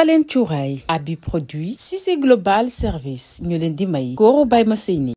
Palen cuuraay abi produit Cissé Global Service ñu leen di may góoru bay ma sëy ni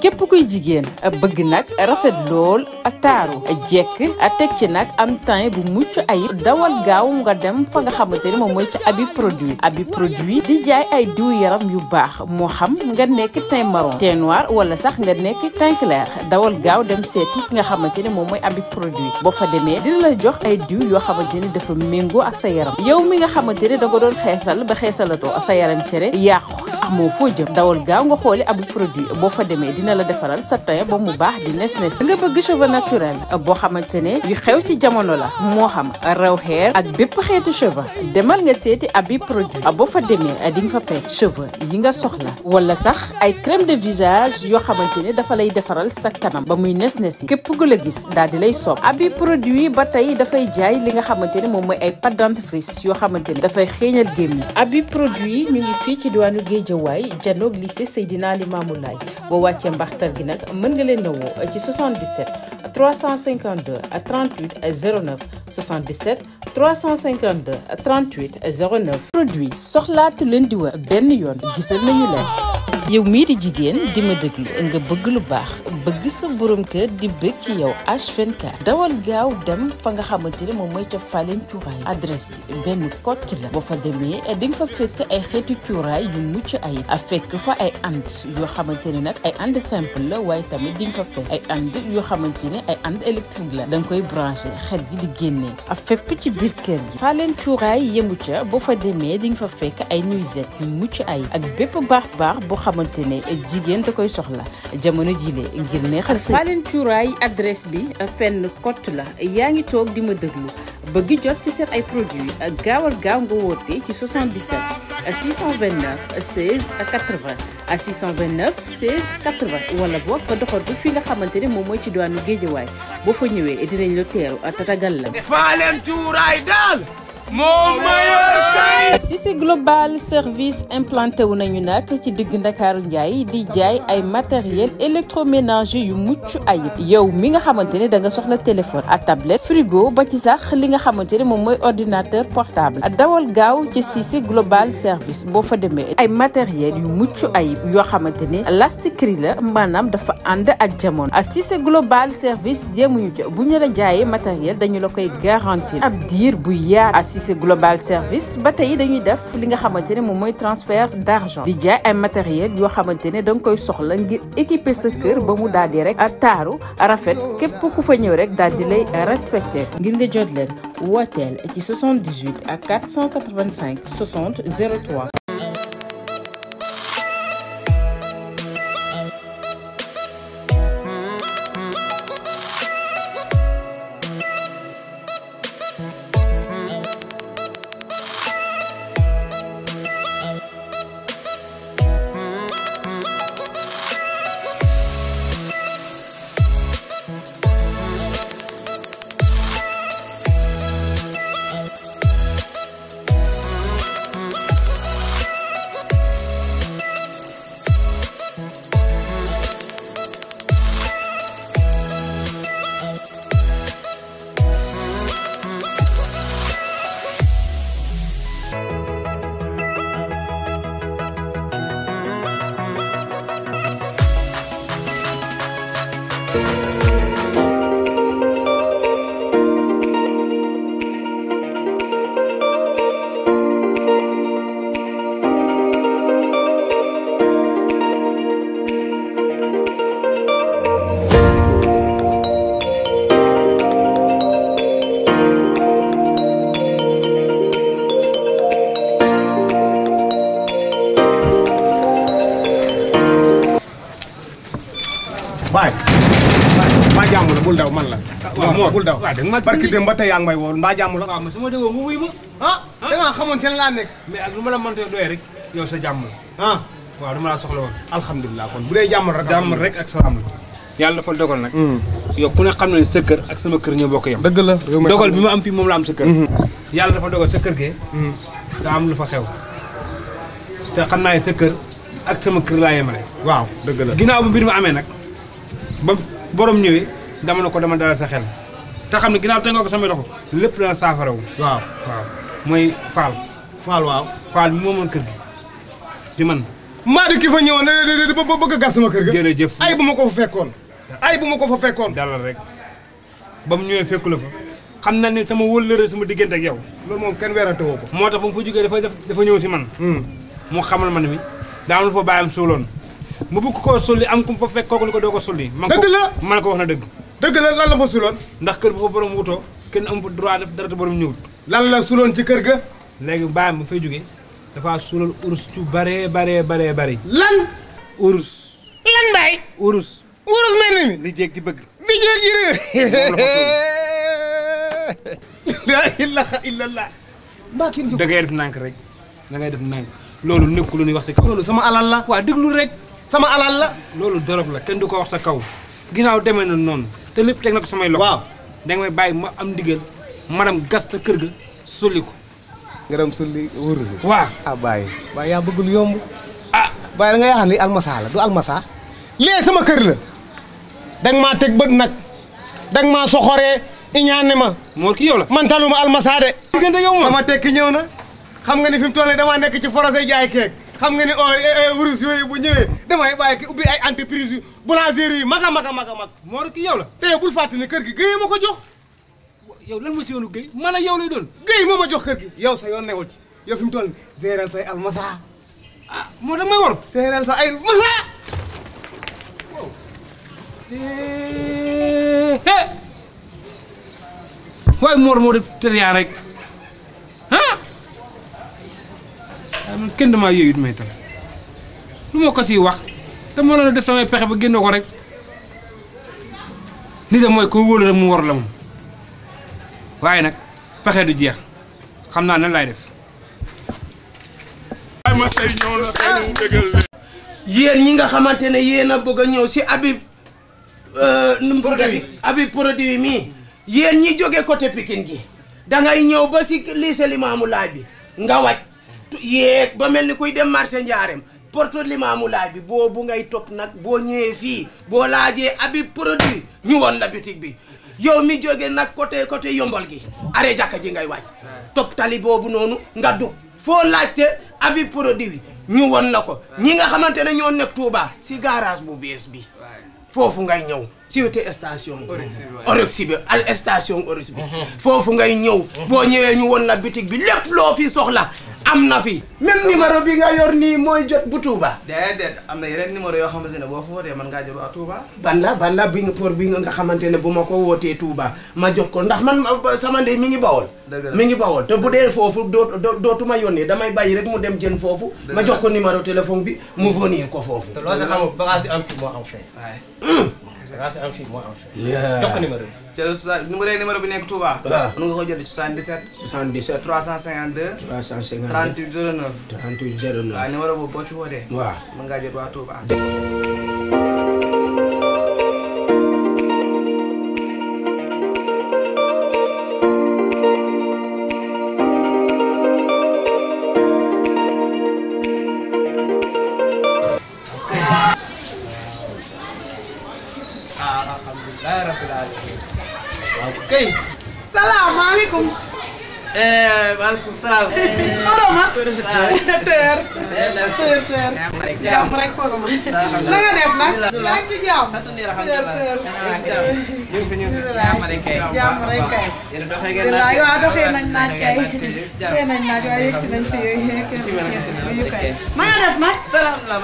képp kuy jigéen bëgg nag rafet lool taaru jekk a teg ci nag am teint bu mucc ayib dawal gaaw nga dem fa nga xamante ni moom mooy ci abi produit abi produit di jaay ay diw yaram yu baax moo xam nga nekk teint marron teint noir wala sax nga nekk teint clair dawal gaaw dem seet ki nga xamante ni moom mooy abi produit boo fa demee dina la jox ay diw yoo xamante ni dafa méngoo ak sa yaram yow mi nga xamante ni da nga doon xeesal ba xeesalatoo sa yaram cere yàqu baax foo jëm dawal gaaw nga xooli abu produit boo fa demee dina la defaral sa teint ba mu baax di nes nes nga bëgg cheveux naturel boo xamante ne yu xew ci jamono la moo xam rew xeer ak bépp xeetu cheveux demal nga seeti abi produit boo fa demee di nga fa fekk cheveux yi nga soxla wala sax ay crème de visage yoo xamante ne dafa lay defaral sa kanam ba muy nes nes yi képp ku la gis daal di lay soob abi produit ba tey dafay jaay li nga xamante ne moom mooy ay pâte yoo xamante ne dafay xeeñal gémmiñ abi produit ñu delluwaay janoog lycée Seydina Limamou Laye boo wàccee mbaxtal gi nag mën nga leen a woo ci 77 352 38 09 77 352 38 09. produit soxlaatu leen di wër benn yoon gisal nañu leen. yow mii di jigéen di ma déglu nga bëgg lu baax bëgg sa boroom kër di bëgg ci yow H24 dawal gaaw dem fa nga xamante ne moom mooy ca Falen cuuraay adresse bi benn kott la boo fa demee di nga fa fekk ay xeetu cuuraay yu mucc ay fekk fa ay and yoo xamante ni nag ay and simple la waaye tamit di nga ay and yoo xamante ne ay and électrique la da koy branché xet gi di génnee a fépp ci biir kër gi Falen cuuraay yemu ca boo fa demee di nga fa fekk ay nuisette yu mucc ay ak bépp baax baax xamante ne jigéen da koy soxla jamono jile ngir neexal sa Fallène Cuuraay adresse bi fenn kott la yaa ngi toog di ma déglu bëgg jot ci seen ay produits gaawal gaaw nga woote ci 77 629 16 80 629 16 80 wala boog nga doxal ko fi nga xamante ne moom mooy ci diwaanu Géejawaay boo fa ñëwee dinañ la teeru tatagal la. Fallène Cuuraay daal. moo meilleur kay. global service implanté wu nañu nag ci digg Ndakaaru Ndiaye di jaay ay matériel électroménager yu mucc ayib yow mi nga xamante ne da nga soxla téléphone à tablette frigo ba ci sax li nga xamante ne moom mooy ordinateur portable dawal gaaw ci Cissé global service boo fa demee ay matériel yu mucc ayib yoo xamante ne lastikri la maanaam dafa ànd ak jamono ah, Cissé global service jéemuñu ca bu ñu la jaayee matériel dañu la koy garantir ab diir bu yaatu ah, Cissé global service ba tey dañuy def li nga xamante ne moom mooy transfert d' di jaay ay matériel yoo xamante ne da koy soxla ngir équiper sa kër ba mu daal di rek taaru rafet képp ku fa ñëw rek daal di lay respecté ngir nga jot leen wooteel ci 78 ak 485 60 03. thank you bul daw man la. Ah, waaw bul daw parce que dem ba tey yaa ngi may woo mbaa jàmm la. waaw mais su ma déggoo nga wuy ma. ah da ngaa xamoon seen laa nekk. mais ak lu ma la mënta doy rek yow sa jàmm la. ah waaw dama laa soxla woon. alhamdulilah kon bu dee jàmm rek. jàmm rek ak salaam la. yàlla dafa dogal nag. Hmm. yow ku ne xam na ne sa kër ak sama kër ñoo bokk yam. dëgg la dogal bi ma am fii moom la am sa kër. Hmm. yàlla dafa dogal sa kër gee. Hmm. daa am lu fa xew te xam naa ne sa kër ak sama kër laa yemale. waaw dëgg la ginnaaw bu mbir ma amee nag ba borom ñëwee dama ne ko dama dalal sa xel te xam ne ginnaaw te nga ko samay loxo lépp dana saafara wu. waaw waaw mooy Fall. Fall waaw. Fall mi moo mën kër gi di man. maa di ki fa ñëwoon ba bëgg a gas sama kër ga. jërëjëf ay bu ma ko fa fekkoon. ay bu ma ko fa fekkoon. dalal rek ba ñëwee fekku la fa xam na ne sama wëllëre sama diggante ak yow. loolu moom kenn weerante woo ko. moo tax ba mu fa jógee dafa dafa ñëw si man. Hmm. mu xamal man mi daa ma fa bàyyam suuloon mu bëgg koo sulli am ku mu fa fekk kooku ko doo ko sulli. dëgg la man ko wax na dëgg. dëgg la lan la fa suloon ndax kër bu ko borom wutoo kenn am droit def dara te borom ñëwut lan la suloon ci kër ga léegi bàyyam ba fay jógee dafa suloon urus ci baree baree baree bari lan urus lan mbaay urus urus mel na mi li jéeg di bëgg li jéeg yi rek laa ilaha illallah mbaa kenn da ngay def nànk rek dangay def nànk loolu nekku lu ñuy wax si kaw loolu sama alal la waa déglu rek sama alal la loolu dorog la kenn du ko wax sa kaw ginnaaw demee na noonu te lépp na ko samay loxo. waaw da bàyyi ma am ndigal maanaam gas sa kër ga sulli ko. nga dem sulli wóoru si. waaw ah, bàyyi. bàyyi yaa bëgg lu yomb. ah bàyyi da nga yaakaar ni almasa la du almasa. lii sama kër la. da nga maa teg bët nag. da nga maa soxoree. iñaane ma. moo ki yow la man taluma almasa de. diggante yow moom tekki ñëw na. xam nga ni fi mu toll damaa nekk ci forosé jaay keek. xam nga ni or oh, wurus eh, eh, yooyu bu ñëwee damay bàyyi ay entreprise yu boulangerie yu mag a mag mag a mag Mor ki yow la te bul fàtte kër gi Guèye ma ko jox yow la ma ci yoonu Guèye man ak yow lay doon Guèye moo ma jox kër gi yow sa yoon newul ci yow fi mu toll géral say almasa ah moo tax may war géral sa ay almasa eh, waaye moo def tëriyaa rek man kenn damaa yooyut may tam lu ma ko ciy wax te mënoon a def samay pexe ba génne ko rek ni da mooy ko wóolu rek mu war la moom waaye nag pexe du jeex xam naa nan laay def yéen ñi nga xamante ne yéen a bëgg a ñëw si abi euh, num produit Habib produit mii yéen ñi jóge côté Pikine gi dangay ñëw ba si lycée Limaamu Laay bi nga wàcc yeeg ba mel ni kuy dem marché njaareem porte limaamu laaj bi boobu ngay topp nag boo ñëwee fii boo laajee abi produit ñu woon la boutique bi yow mi jóge nag côté côté yombol gi arrêt jàkka ji ngay wàcc topp tali noonu nga dugg foo laajte abi produit ñu woon la ko ñi nga xamante ne ñoo nekk Touba si garage bu bees bi foofu ngay ñëw si wetu station Oryx bi station Oryx foofu ngay ñëw boo ñëwee ñu woon la boutique bi lépp loo fi soxla am na fi. même numéro bi nga yor nii mooy jot bu Touba. déedéet am na yeneen numéro yoo xamante ne boo fa wootee man ngaa jot waa Touba. ban la ban la bi nga pour bi nga xamante ne bu ma ko wootee Touba ma jot ko ndax man sama ndey mi ngi bawol. mi ngi bawol te bu dee foofu doo dootuma yónnee damay bàyyi rek mu dem jën foofu. ma jox ko numéro téléphone bi mu venir ko foofu. te loolu nga xam bagage yi am fi moo raas am fii moo am fii. jox ko numéro bi. ca la soixante numéro numéro bi nekk Touba. waaw ah. mën nga ko jël 77. 77 352. 352 38 09. 38 09 waaw numéro boobu boo ci wootee. waaw mën ngaa jot waa Touba. alhamdulilah rabbil alamin waaw eh, salaam. Soroma. Teer teer teer. rek jàmm rek ko ma na nga def nag rek ci jàmm sa sunu raxam ñu ñu jàmm rek kay jàmm rek kay yéen doxee ngeen naaj waaw doxee nañ naaj kay doxee nañ naaj waaye yegsi nañ fi yooyu kenn kay ma nga def nag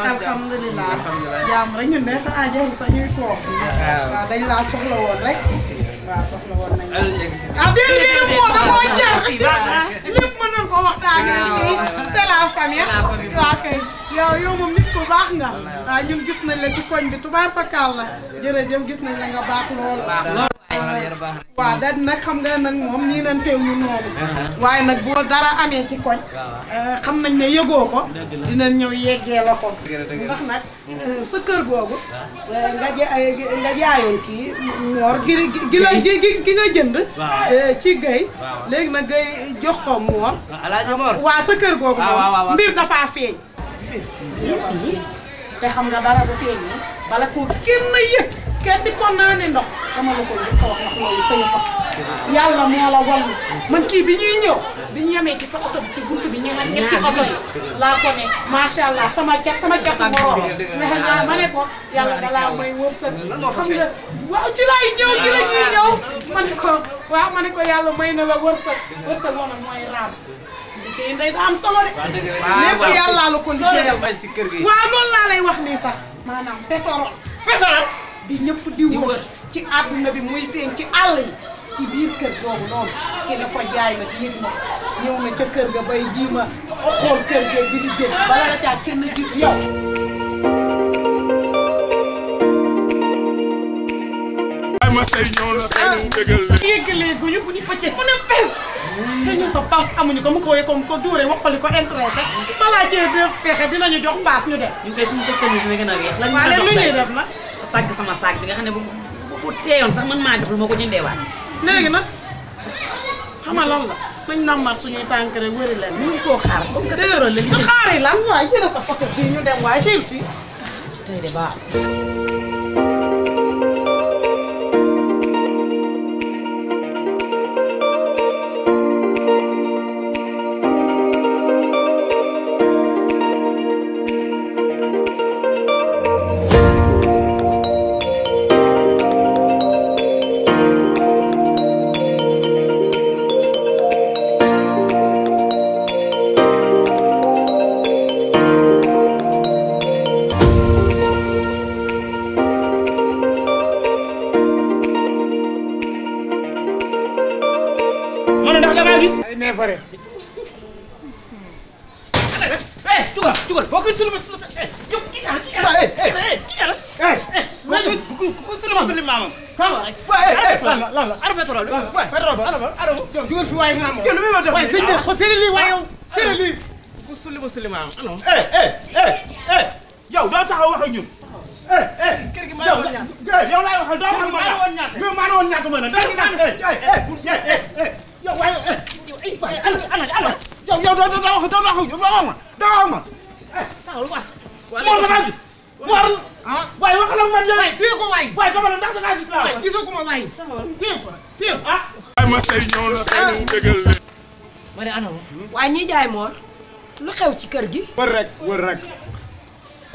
alhamdulilah jàmm rek ñun de xanaa jafe sax ñuy toog waaw dañ laa soxla woon rek waaw soxla woon nañu ah nga waaw ñun gis nañ la ci koñ bi tubaar fakal la jërëjëf gis nañ la baax lool waaw dañ nag xam nga nag moom nii nan teew ñu noonu waaye nag boo dara amee ci koñ eh, xam nañ ne yëgoo ko dinañ ñëw yeggee la ko ndax nag mm. eh, sa kër googu eh, nga nga kii moor gi gi la gi nga jënd ci gay léegi nag gay jox ko moor waa sa kër googu ah, moom mbir dafa feeñ te xam nga dara bu feeñee bala ko na yëg kenn di ko naane ndox dama la ko njëkk a kii bi ñuy ñëw bi ñu yemee ci sa bi ci buntu bi ñaar ñetti oto yi laa ko ne macha sama cat sama cat moroom naa ma ne ko yàlla dalaa may wërsëg xam ci laay ñëw ci ñuy ñëw ma ko waa ma ne ko yàlla may na la wërsëg wërsëg woon na mooy raam liggéey ndey da am solo de lépp yàllaa la ko liggéeyal waaw loolu laa lay wax nii sax maanaam pétrole pétrole bi ñëpp di wër ci àdduna bi muy feeñ ci àll yi ci biir kër googu noonu ki ko jaay ma diir ma ñëw na ca ga bay ji ma xool kër bi di jël bala la caa kenn jub yow. ma say ñëw la ñu bu ñu pëccee fu fees. te ñu sa paas amuñu ko mu ko comme ko duuree ko intéressé balaa cee def pexe jox paas ñu dem. ñu koy suñu tëstani bi nga gën a weex. lan ñu def nag tàgg sama saag bi nga xam ne ku teeyoon sax man maa jox lu ma ko jëndee waat. léegi nag xam nga lan la nañ nammaat suñuy tànk rek wëri leen. mënuñ koo xaar comme que dëgëral leen. ñu xaari lan waaye jëlee sa faset bii ñu dem waaye teel tey de baax sulli ba sulli maam anam. eh eh eh eh yow doo taxaw wax ak ñun. eh eh kër gi maa ngi woon ñaata eh, yow laay waxal doo wax ma ñaata yow maa ngi woon ñaata ma ne doo ma ne eh eh eh yow waaye eh, yow ay fay eh, ala ala ala yow yow doo doo wax doo wax doo wax ma doo wax ma eh taxawul wax. moor da ngaa gis moor ah waaye wax la ma jëm waay téye ko waay waay dama ne ndax da ngaa gis naa waay gisoo ko ma waay téye ko téye ah. ma say ñëw na xëy na mu dëggal ma ne ana waaye ñi jaay moor lu xew ci kër gi. wër rek wër rek.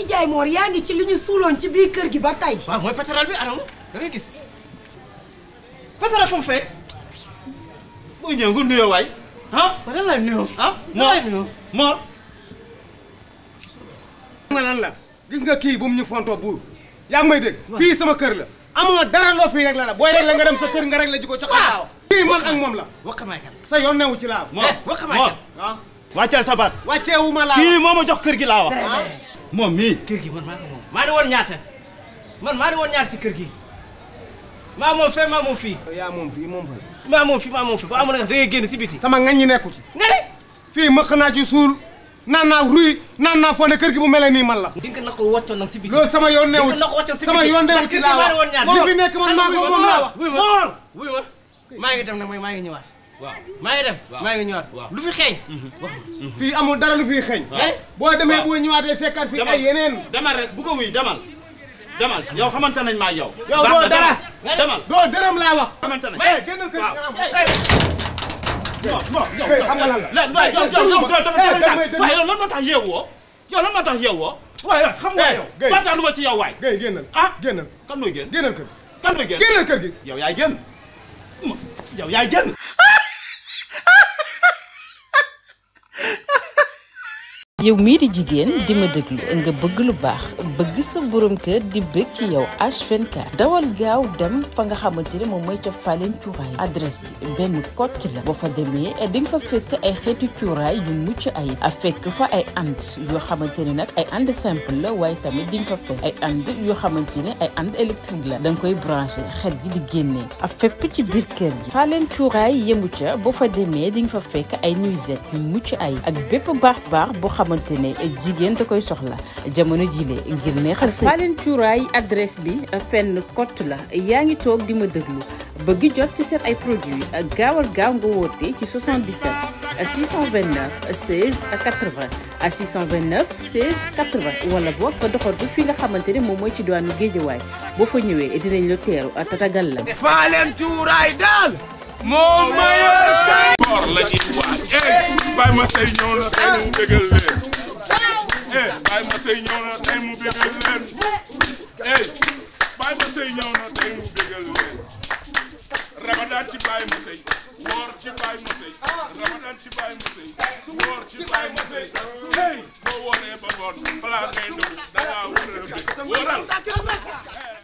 Ndiaye Mor yaa ngi ci li ñu suuloon ci biir kër gi ba tey. waaw mooy pétrole bi anam da ngay gis pétrole fu mu fee. boo ñëwee nga nuyoo waay. ba lan laay nuyoo. ah Mor Mor. la gis nga kii bu mu ñu fontoo buur yaa ngi may dégg. fii sama kër la. amoo dara loo fii rek la la booy rek la nga dem sa kër nga rek la ji ko. waaw ci kii man ak moom la. waxamaay kan sa yoon newu ci laaw. Eh, Mor waxamaay kan wàcceel sa baat. wàcceewu ma laa kii moo ma jox kër gi laa ah. moom mi kër gi man maa ko moom maa di woon ñaata man maa di woon ñaata si kër gi maa moom fee maa moom fii. moom fii moom fa. maa moom fii maa moom fii boo amoon génn si sama ngañ ñi nekku ci. nga ne. fii mëq naa suul naan naa ruy naan naa foo kër gi bu mel nii man la. di nga na ko wàccoon nag si sama yoon newu ci di nga na ko wàccoon si biti sama yoon newu ci laa wax li maa ko moom laa wax. wuy maa ngi dem nag mooy maa ngi ñëwaat waaw maa ngi dem maa ngi ñëwaat lu fi xeeñ wax mhm. mhm. fii amul dara lu fiy xeeñ eh? boo demee boo ñëwaatee fekkaat fii ay yeneen demal bu ko wuy demal demal yow xamante nañ maa yow yow doo dara demal doo dërëm laa wax xamante nañ eh, génnal kër nga am non eh. yow xam nga lan la lan yow yow yow waaye yow lan moo tax yeewoo yow lan moo tax yeewoo waaye xam nga yow waxtaanu ma ci yow waay gay génnal génn ah? génnal kër kan mooy génn génnal kër yow yaay génn yow yaay génn yow mii i jigéen di ma déglu nga bëgg lu baax bëgg sa borom kër di bëgg ci yow H24 dawal gaaw dem fa nga xamante ne moom mooy ca Falen cuuraay adresse bi benn code ki la boo fa demee di nga fa fekk ay xeetu cuuraay yu mucc ay a fekk fa ay and yoo xamante ni nag ay and simple la waaye tamit di nga fa fekk ay and yoo xamante ne ay and électrique la da nga koy branché xet gi di génnee a fépp ci biir kër gi Falen cuuraay yemu ca boo fa demee di nga fa fekk ay nuisette yu mucc ay ak bépp baax baax boo xam xamante ne jigéen da koy soxla jamono jile ngir neexal sa Fallène Cuuraay adresse bi fenn kott la yaa ngi toog di ma déglu bëgg jot ci seen ay produits gaawal gaaw nga woote ci 77 629 16 80 629 16 80 wala boog nga doxal bu fi nga xamante ne moom mooy ci diwaanu Géejawaay boo fa ñëwee dinañ la teeru tatagal la. Fallène Cuuraay daal moo mayor koor la ñuy waaj eh Baye Masseye ñëw na mu bégal leen eh Baye Masseye ñëw na tey mu bégal leen eh Baye Masseye ñëw na tey mu bégal leen Ramadan ci Baye Masseye woor ci Baye Masseye Ramadan ci Baye Masseye woor ci Baye Masseye eh boo wooree ba ngoon balaa ngay dugg da ngaa war